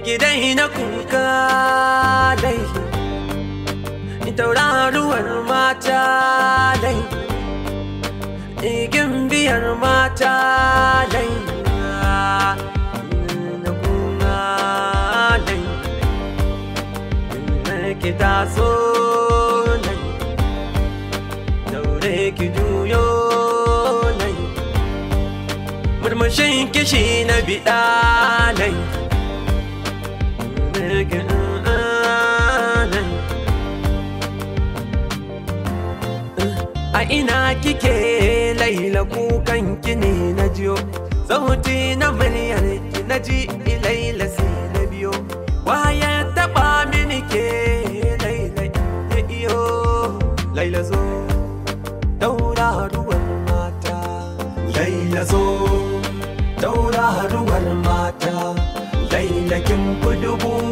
gidai na kuka dai tauraruwar mata dai igin biyar mata dai na kuna dai na taso dai daure ki juyo dai murmushin kishi na biɗa dai Eh, a ina kike laila kukan kini na jiyo, sauti na muryar ki na ji ilaila sai na biyo, waya taba mini ke laila ya iyo, laila zo, daura ruwan mata, laila zo, daura ruwan mata. ku kudubu